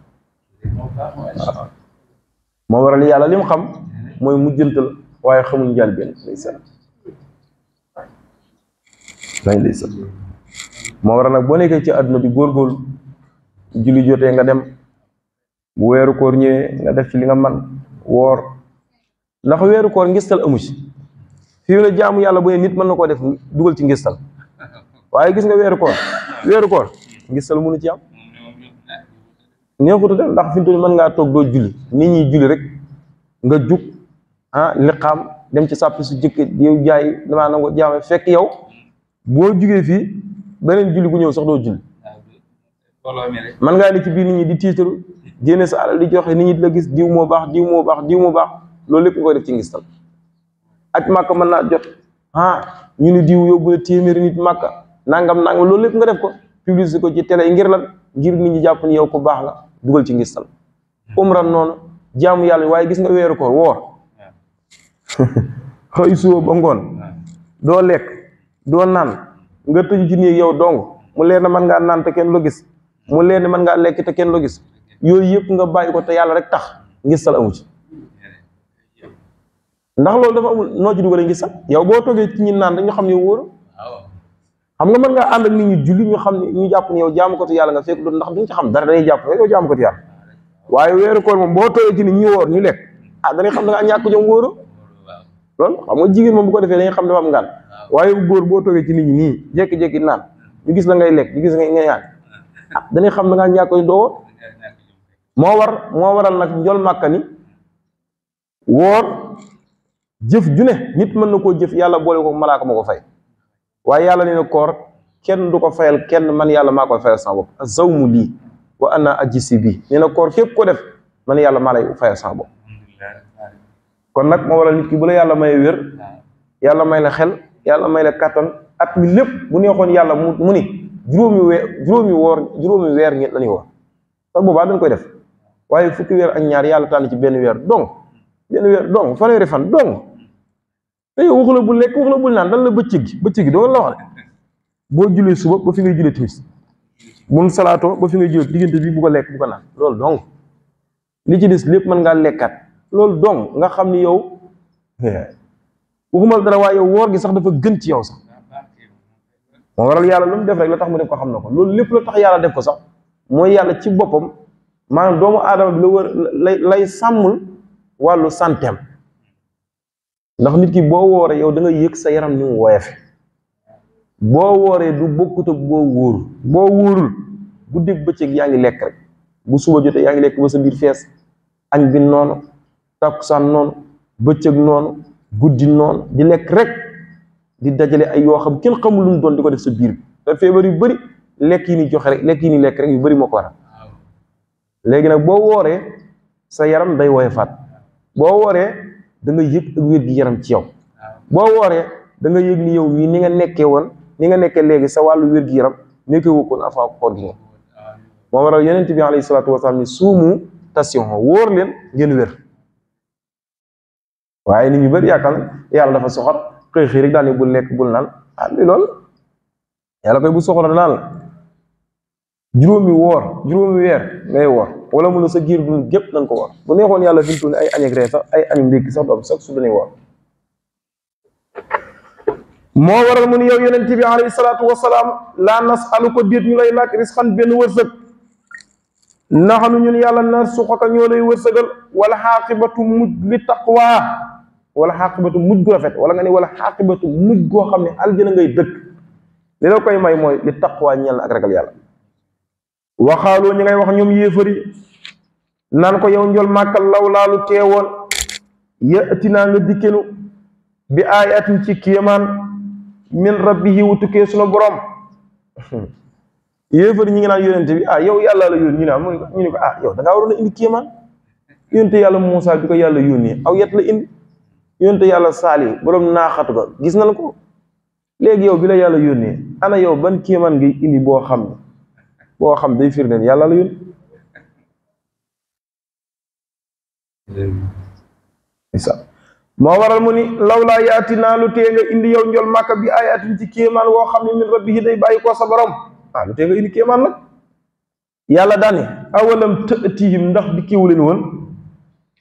mo waral yalla lim xam moy mujjantal waye xamu njaal ben lay lisa lay lisa mo moo waral nag boo nekkee ci aduna bi gor gor julli jote nga dem bu weeru koor ñëwee nga def ci li nga man wor ndax weeru koor ngistal amu ci fii la jaamu yàlla bu ne nit man na koo def dugal ci ngistal waaye gis nga weeru koor weeru koor ngistal mënu ci am neexutu def ndax fi man mën ngaa toog doo julli nit ñi julli rek nga jug ah liqaam dem ci sàpp su jëkk yow jaay damaa nangu jaam fekk yow boo jugee fii beneen julli gu ñëw sax doo julli man ngaa ne ci biir nit ñi di tiitaru jénne sa alal li joxe nit ñi di la gis diw moo baax diw moo baax diw moo baax loolu lépp nga koy def ci ngistal aj makka man la jot ha ah, ñu ni diw yóbbu na téeméeri nit makka nangam nang loolu lepp nga def ko publicité ko ci télé ngir lan ngir nit ñi japp ni yow ko bax la duggal ci ngistal hmm. umra non jaamu yalla waye gis nga wër ko wor xëy suba ba ngon do lek do nan nga tëju ci ni yow dong mu leer man nga nan te ken lo gis mu leer man hmm. nga lek te ken lo gis yoy yep nga bayiko te yalla rek tax ngistal amu ci ndax lolou dafa amul no ci dugal ngi sa yow bo toge ci ñi naan ñu xam ne wóor xam nga man nga and ak nit ñi julli ñu xam ne ñu japp ni yow jaamukatu yalla nga fekk doon ndax duñ ci xam dara dañuy japp yow jaamukatu yalla waye weeru ko mom bo toge ci nit ñi woor ñu lek ah dañuy xam nga ñak jom woor lool xam nga jigeen mom bu ko defé dañuy xam dafa am ngaan waaye goor bo toge ci nit ñi ni jékki-jékki naan ñu gis la ngay lek ñu gis nga ngay ñaan ah dañuy xam nga ñak jom doo war mo waral nak njol makani ni jëf ju ne nit mën na koo jëf yàlla boole ko malaaka ma ko fay waaye yàlla nee na koor kenn du ko fayal kenn man yàlla maa koy fayal sama bopp azawmu lii wa ana ajisi bii nee na koor képp ko def man yàlla maa lay fayal sama kon nag moo waral nit ki bu yàlla may wér yàlla may la xel yàlla may la kàttan at mi lépp bu neexoon yàlla mu mu ni juróomi weer juróomi woor juróomi weer ñett la ñuy woor boobaa dañ koy def waaye fukki weer ak ñaar yàlla tànn ci benn weer dong benn weer dong fanweeri fan dong te yow bu lekk waxu la bul naan lan la bëccëg gi bëccëg gi doon la wax de boo jullee suba ba fi ngay jullee timis mun salaatoo ba fi ngay jullee diggante bi bu ko lekk bu ko naan loolu dong li ci des lépp mën ngaa lekkaat loolu dong nga xam ni yow waxuma la dara waaye yow woor gi sax dafa gën ci yow sax moo waral yàlla lu mu def rek la tax mu def ko xam na ko loolu lépp la tax yàlla def ko sax mooy yàlla ci boppam maanaam doomu aadama bi la wër lay lay sàmmul wàllu santeem ndax nit ki boo wooree yow da yëg sa yaram ni mu woyefe boo wooree du bokkut ak boo wóorul boo wóorul guddi bëccëg yaa ngi lekk rek bu suba jotee yaa ngi lekk ba sa biir fees añ bi noonu takkusaan noonu bëccëg noonu guddi noonu di rek di dajale ay yoo xam kenn xamul lu doon di ko def sa biir te feebar yu bëri lekk yi ni joxe rek lekk yi ni lekk rek yu bëri moo ko waral léegi nag boo wooree sa yaram day woyefaat boo wooree da nga yëg ak wér gi yaram ci yow boo wooree da nga yëg ni yow yi ni nga nekkee woon ni nga nekkee léegi sa wàllu wér gi yaram nekkee wokkoon avant koor gi nga moo waral yonent bi alayhi salaatu wasalaam ni suumu tasyon wóor leen ngeen wér waaye nit ñu bëri yaakaar yàlla dafa soxat xëy xëy rek daal ni bul lekk bul naan ah li yàlla koy bu soxla naan la juróomi woor juróomi weer ngay woor wala mu sa giir dund gépp na nga ko war bu neexoon yàlla fi mu toll ay añeg ree sax ay añum ndékki sax doom sax su dañuy war moo waral mu ne yow yonent bi alayhi salaatu wasalaam laa nasalu ko déet ñu lay laaj risqan benn wërsëg naxanu ñun yàlla na suqaka ñoo lay wërsëgal wala xaaqibatu mujj li taqwaa wala xaaqibatu mujj gu rafet wala nga ne wala xaaqibatu mujj goo xam ne aljana ngay dëkk li la koy may mooy li taqwaa ñeel na ak ragal yàlla waxaaloo ñi ngay wax ñoom yéefari naan ko yow njol màkkal law laalu teewoon yëti naa nga dikkenu bi aayatin ci kéemaan min rabbihi wu tukkee sunu borom yéefari ñi ngi naan yónente bi ah yow yàlla la yóon ñu ne ah, mu ñu ne ko ah yow da waroon a indi kéemaan yàlla Muusaa bi yàlla yónnee aw yet la yàlla Saalih borom naaxatu ko gis nañ ko léegi yow bi la yàlla yónnee ana yow ban kéemaan ngay indi boo xam ne boo xam day firndeel yàlla la yónni. moo waral mu ni lawlaa yaati naa lu tee nga indi yow njol màkka bi ayatin ci kéemaan woo xam ne min rabbihi day bàyyi koo sa borom ah lu tee nga indi kéemaan nag yàlla daane awalam tëtihim ndax di kiwuleen woon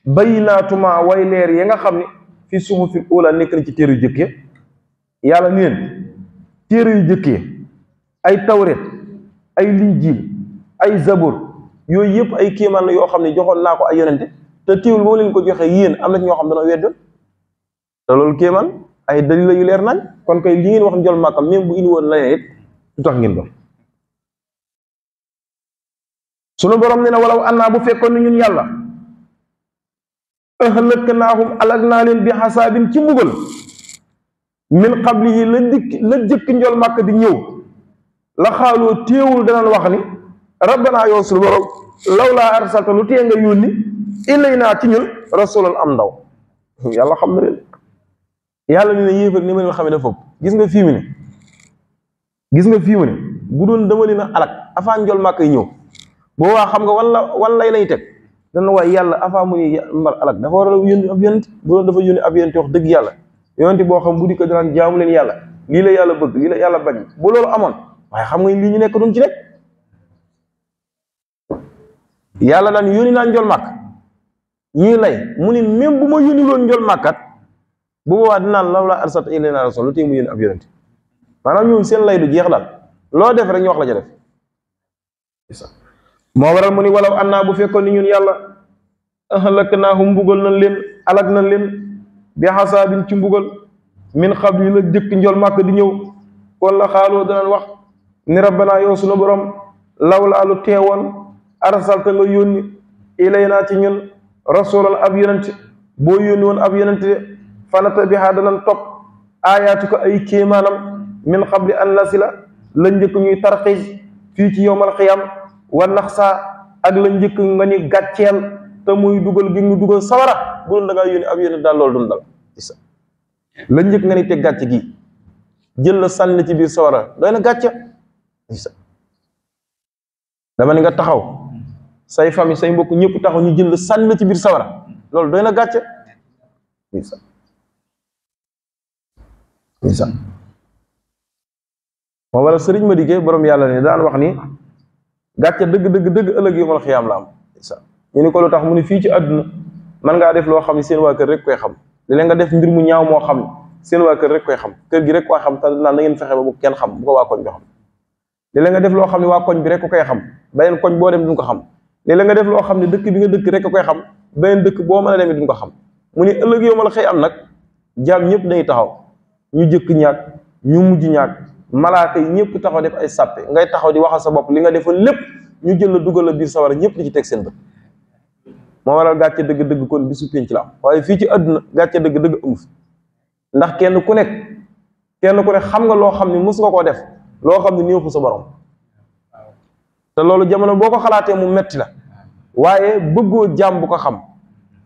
bayinaatuma way leer ya nga xam ne fi suhufil ula nekk na ci téere yu jëkkee yàlla neen téere yu jëkkee ay tawret ay linjiil ay zabur yooyu yëpp ay kéemaan la yoo xam ne joxoon naa ko ay yonente te teewul boo leen ko joxee yéen am na ci ñoo xam dana weddoon te loolu kéemaan ay dalil la yu leer nañ kon kay li ngeen wax njol màkkam même bu indi woon leneen it du tax ngeen doon sunu borom ne na walaw annaa bu fekkoon ne ñun yàlla ahlaknaahum alag naa leen bi xasaabin ci mbugal min qabli yi la dikk la jëkk njol màkk di ñëw la xaaloo téewul danañ wax ni rabbanaa yow suñu borom lawlaa arsalta lu tee nga yónni illay naa ci ñun rasulal am ndaw yàlla xam na leen yàlla ñu ne yéefar ni ma leen xamee dafa gis nga fii mu ne gis nga fii mu ne bu doon dama leen a alak afaa njol màkk yi ñëw boo waa xam nga wala wala lay lay teg dana waaye yàlla afaa mu ni mbar alak dafa war a yónni ab yonent bu doon dafa yónni ab yonent wax dëgg yàlla yonent boo xam bu di ko daan jaamu leen yàlla lii la yàlla bëgg lii la yàlla bañ bu loolu amoon waaye xam nga lii ñu nekk duñ ci nekk yàlla daan yónni naa njol màkk ñuy lay mu ni même bu ma yónni loon njol màkkat bu boobaa dinaan law laa arsat lu tey mu yónni ab yónent maanaam ñoom seen lay du jeex daal loo def rek ñu wax la ca def moo waral bu fekkoon ni ñun yàlla ahlaknaahum mbugal nañ leen alag nañ leen bi xasaabin ci mbugal min xab yi la jëkk njol màkk di ñëw kon xaaloo danañ wax ni rabbana yow sunu borom lawla lu teewoon arsalta la yoni ilayna ci ñun rasulul ab yonent bo yoni won ab yonent de fanata bi hadalan top topp ay kemanam min xabli an nasila la njëkk ñuy tarxiz fi ci yowmal qiyam wa nakhsa ak la njëkk nga ni gatchel te muy dugal gi ñu dugal sawara bu lu da ngaa yónni ab yonent daal lol dum dal la nga ni te gatch gi jël la sanni ci bi sawara doyna gatch dama ni nga taxaw say fami say mbok ñepp taxaw ñu jël sànni ci bir sawara loolu doyna na gàcce ndeysaan wa wala serigne ma diggee borom yalla ne daan wax ni deug deug deug dëgg yu yomal xiyam la am ndeysaan ñu ni ko lu tax mu ni fi ci aduna man nga def lo xam ni seen wa kër rek koy xam li nga def mbir mu ñaaw mo xam seen wa kër rek koy xam kër gi rek ko xam te na ngeen fexé ba bu kenn xam bu ko wa ko léeg-léeg nga def loo xam ne waa koñ bi rek ko koy xam beneen koñ boo dem duñ ko xam léeg-léeg nga def loo xam ne dëkk bi nga dëkk rek a koy xam beneen dëkk boo mën a demee duñ ko xam mu ne ëllëg yowmal xëy am nag jaam ñëpp day taxaw ñu jëkk ñaag ñu mujj ñaag malaaka yi ñëpp taxaw def ay sàppe ngay taxaw di waxal sa bopp li nga defoon lépp ñu jël dugal la biir sawara ñëpp di ci teg seen bët moo waral gàcce dëgg-dëgg kon bisu pénc la am waaye fii ci àdduna gàcce dëgg-dëgg amu fi ndax kenn ku nekk kenn ku nekk xam nga loo xam ne mos nga koo def loo xam ne neexu sa borom te loolu jamono boo ko xalaatee mu metti la waaye bëggoo jaam bu ko xam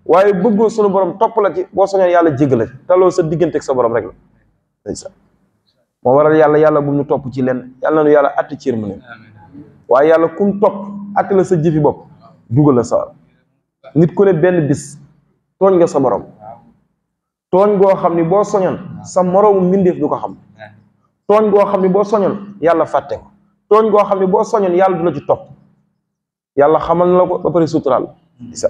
waaye bëggoo sunu borom topp la ci boo soñoon yàlla jégg la ci te loolu sa digganteek sa borom rek la moo waral yàlla yàlla bu ñu topp ci lenn yàlla nu yàlla atti ciir mu ne waaye yàlla kum topp atti la sa jëfi bopp dugal la sa nit ku ne benn bis tooñ nga sa borom tooñ goo xam ni boo soñoon sa moroomu mbindeef du ko xam tooñ goo xam ne boo soñoon yàlla fàtte ko tooñ xam ne boo soñoon yàlla du la ci topp yàlla xamal na la ko ba pare suturaal isa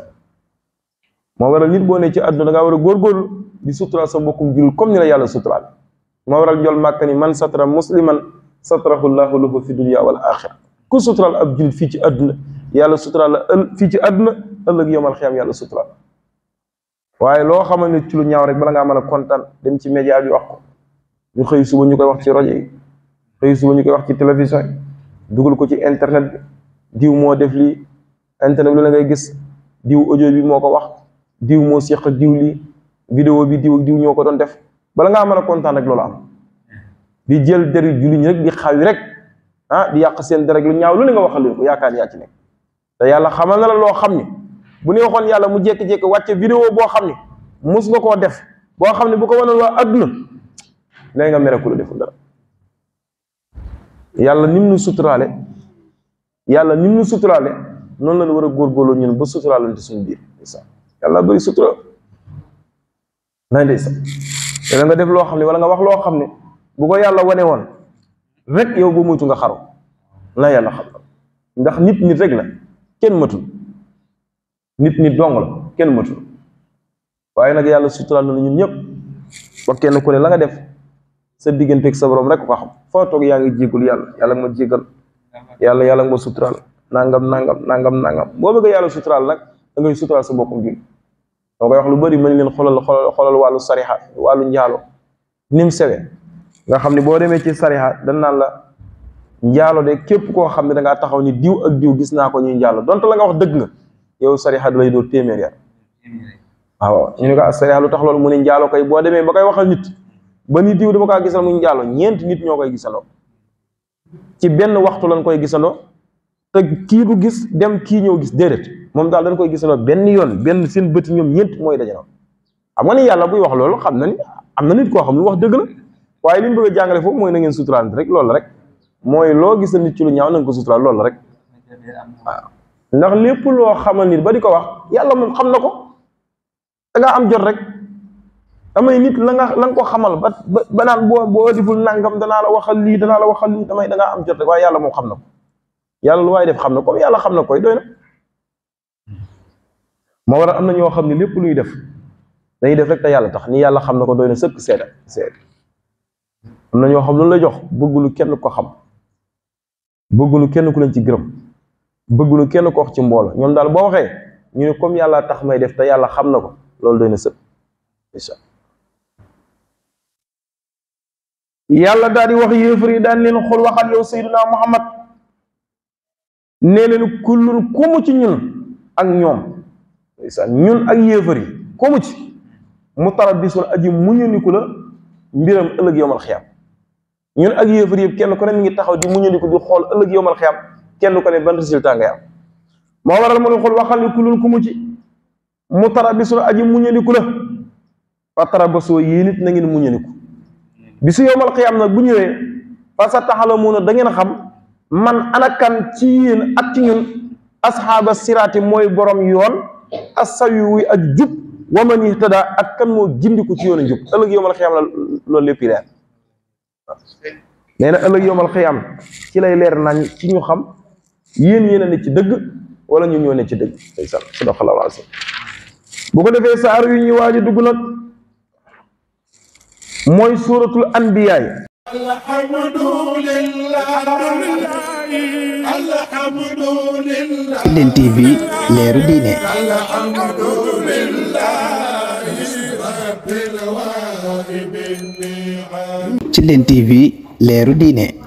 moo waral nit boo ne ci àdduna dangaa war a góorgóorlu di suturaal sa mbokkum jullit comme ni la yàlla suturaal moo waral njol màkka ni man satara musliman satarahu llahu lahu fi dunya wal axira ku suturaal ab jullit fii ci àdduna yàlla suturaal la ël fii ci àdduna ëllëg yomal xiyam yàlla suturaal waaye loo xaman ne ci lu ñaaw rek bala ngaa mën a kontaan dem ci média bi ñu xey suba ñu wax ci rajo xey xëy suba ñu wax ci télévision yi ko ci internet bi diw moo def li internet bi la ngay gis diw audio bi moko wax diw mo seq diw vidéo bi diw ak diw def bala nga mëna a kontaan loolu am di jël deri julli ñi rek di xawi rek ah di yaq seen dara lu ñaaw lu nga waxal leen ko yaakaar ya ci nek da yalla xamal na la lo xamni bu ni waxon yalla mu jek jek wacce vidéo bo xamni mus def bo xamni bu ko wonal wa aduna nee nga mere ku la deful dara yàlla nim nu suturaale yàlla nim nu suturaale noonu la ñu war a góorgóorloo ñun ba suturaalante suñu biir ndeysaan na ndeysaan nga def loo xam ne wala nga wax loo xam ne bu ko yàlla wane woon rek yow boo moytu nga xaru la yàlla xam ndax nit nit rek la kenn matul nit nit dong la kenn matul waaye nag yàlla suturaal na ñun ñëpp ba kenn ku ne la nga def. sa digganteeg sa borom rek ko xam foo toog yaa ngi jégalu yàlla yàlla ma jégal yàlla yàlla ma suturaal nangam nangam nangam nangam boo bëgg yàlla suturaal nag da ngay suturaal sa boppam jul doo koy wax lu bëri mën leen xoolal xoolal xoolal wàllu sarixa wàllu njaalo ni mu sewee nga xam ne boo demee ci sarixa dañ naan la de képp koo xam ne da taxaw ni diw ak diw gis naa ko ñuy njaalo donte la nga wax dëgg nga yow sarixa da lay dóor ah, lu tax loolu mu ne njaalo koy boo demee ba koy waxal nit ba ni diiw dama ko gissal mu njaaloo ñent nit ñokay gissalo ci benn waxtu lañ koy gissalo te ki du gis dem ki ñew giss dedet mom dal dañ koy gissalo benn yoon benn seen beuti ñom ñent moy dajalo xam nga ni yalla buy wax loolu xam na ni am na nit ko xam lu wax deug la waye liñ bëgg jàngalé fofu moy na ngeen sutural rek loolu rek moy lo gissal nit ci lu ñaaw na ko sutural loolu rek ndax lepp lo xamal nit ba diko wax yalla mom xam nako da nga am jot rek damay nit la nga la nga ko xamal ba ba naan boo boo deful nangam danaa la waxal lii danaa la waxal lii damay dangaa am jot rek waaye yàlla moom xam na ko yàlla lu waaye def xam na ko comme yàlla xam na koy doy na moo waral am na ñoo xam ne lépp luy def dañuy def rek te yàlla tax ni yàlla xam na ko doy na sëkk seeda seeda am na ñoo xam loolu la jox bëggulu kenn ko xam bëggulu kenn ku leen ci gërëm bëggulu kenn ko wax ci mbooloo ñoom daal boo waxee ñu ne comme yàlla tax may def te yàlla xam na ko loolu doy na sëkk incha yalla dadi di wax yefri dal len leen waxal yow sayyidina muhammad ne len kullun kumu ci ñun ak ñom isa ñun ak yefri kumu ci mu aji muñandiku la mbiram ëllëg yowmal xiyaam ñun ak yefri yeb kenn ko ne mi ngi taxaw di muñandiku di xol ëllëg yowmal xiyaam kenn ko ne ban resultat nga am mo waral mu ne waxal ni kumu ci mu aji muñandiku la fa tarabasoo na ngeen bisu yowmal xiyaam nag bu ñëwee fa sa taxalamuuna a ngeen xam man anakan ci yéen ak ci ñun asxaaba siraati mooy borom yoon wuy ak jub waman ihtada ak kan moo gindiku ci yoon a jub ëllëg yowmal xiyaam la loolu lépp leer nee na ëllëg yowmal xiyaam ci lay leer nañ ci ñu xam yéen yéen a ne ci dëgg wala ñu ñoo ne ci dëgg day sax ko defee saar yu ñu waaj dugg nag mooy suuratul anbiyaay Killeen TV leeru diine Killeen TV leeru diine